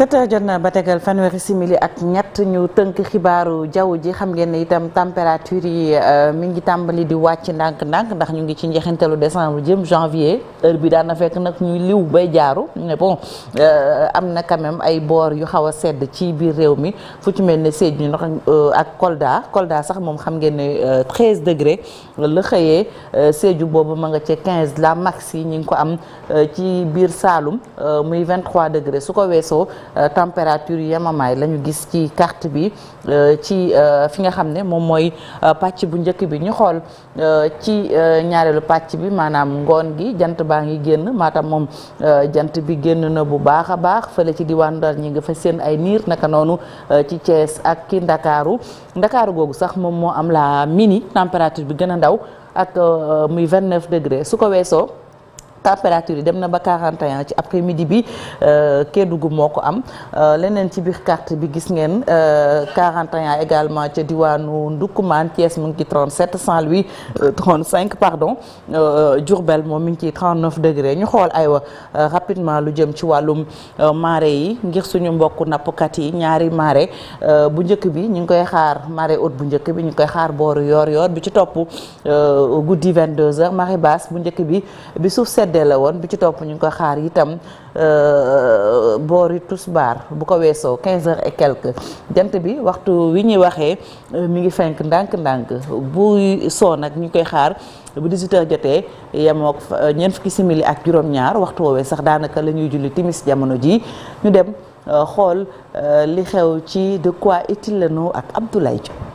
7 jot na ba tegal fanweeri simili ak ñett ñu tënk xibaaru jaww ji xam ngeen ne itam température yi euh, mi ngi tàmbali di wàcc ndànk-ndànk ndax ñu ngi ci njeexinteelu décembre jëm janvier heure bi daan na fekk nag ñuy liw bay jaaru mais bon euh, am na quand ay boor yu xaw a sedd ci biir réew mi fu ci mel ne Sédhiou ndox euh, ak Kolda Kolda sax moom xam ngeen ne 13 degré la xëyee Sédhiou boobu ma nga ca la max yi ñu ngi ko am ci biir Saloum muy 23 degré su ko weesoo. Euh, température yemamaay la ñu gis ci carte bi euh, ci euh, fi nga xam ne moom mooy pàcc bu njëkk bi ñu xool ci ñaareelu pàcc bi maanaam ngoon gi jant baa ngi génn maatam moom jant bi génn na bu baax a baax fële ci diwaan Ndar ñi nga fa seen ay niir naka noonu ci Thiès ak ki Ndakaaru Ndakaaru googu sax moom moo am la mini température bi gën a ndaw ak muy 29 degré su ko weesoo température yi dem na ba 41 ci après midi bi euh, Kédougou moo ko am euh, leneen ci biir carte bi gis ngeen 41 euh, également ca diwaanu Ndoukoumane Thiès mu ngi ci 37 Saint-Louis 35 pardon Diourbel moom mi ngi ci 39 degré ñu xool aywa rapidement lu jëm ci wàllum marée yi ngir suñu mbokku nappkat yi ñaari marée bu njëkk bi ñu ngi koy xaar marée haute bu njëkk bi ñu ngi koy xaar booru yoor yoor bi ci topp guddi 22h marée basse bu njëkk bi bi suuf sedd seddee la woon bi ci topp ñu ngi koy xaar itam euh, boori Tisbaar bu ko weesoo quinze heures et quelques jant bi waxtu wi ñuy waxee euh, mi ngi fenk ndànk-ndànk buy soo nag ñu koy xaar bu 18 jotee yemook euh, ñeent fukki simili ak juróom-ñaar waxtu woowee sax daanaka la ñuy julli timis jamono ji ñu dem xool li xew ci de quoi est le nom ak Abdoulaye